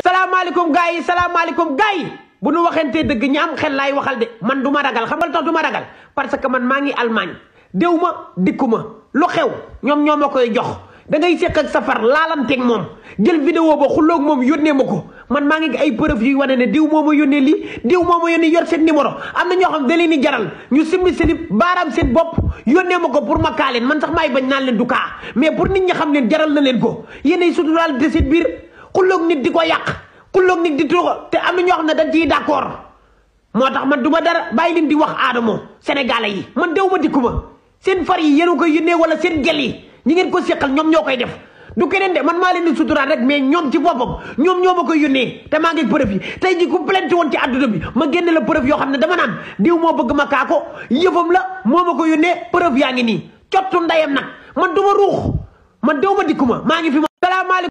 waay salaamaaleykum gars yi salaamaaleykum gars yi bu nu waxantee dëgg ñi am xel laay waxal de man du ma ragal xam nga lu tax du ma ragal parce que man maa ngi Allemagne déw ma dikku ma lu xew ñoom ñoo ma koy jox da ngay seq ak safar laalanteeg moom jël vidéo ba xulloog moom yónnee ma ko man maa ngi ay preuve yuy wane ne diw moo ma yónnee lii diw moo ma yónnee yor seen numéro am na ñoo xam da leen di jaral ñu simmi seen baaraam seen bopp yónnee ma ko pour ma kaa leen man sax may bañ naan leen du kaa mais pour nit ñi xam leen jaral na leen ko yéenay suturaal te seen biir. xulloog nit di ko yàq xulloog nit di tuuxa te am na ñoo xam ne dañ ciy d'accord moo tax man duma ma dara bàyyi leen di wax Adamo sénégalais yi man dew ma dikku ma seen far yi yéen ko yónnee wala seen gel yi ñi ngeen ko séqal ñoom ñoo koy def du keneen de man maa leen di suturaat rek mais ñoom ci boppam ñoom ñoo ma koy yónnee te maa ngi preuve yi tey ji ku plainte woon ci àdduna bi ma génne la preuve yoo xam ne dama naan diw moo bëgg ma kaa ko yëfam la moo ma ko yónnee preuve yaa ngi nii cottu ndayam nag man du ma ruux man dew ma dikku ma maa ngi fi ma salaamaaleykum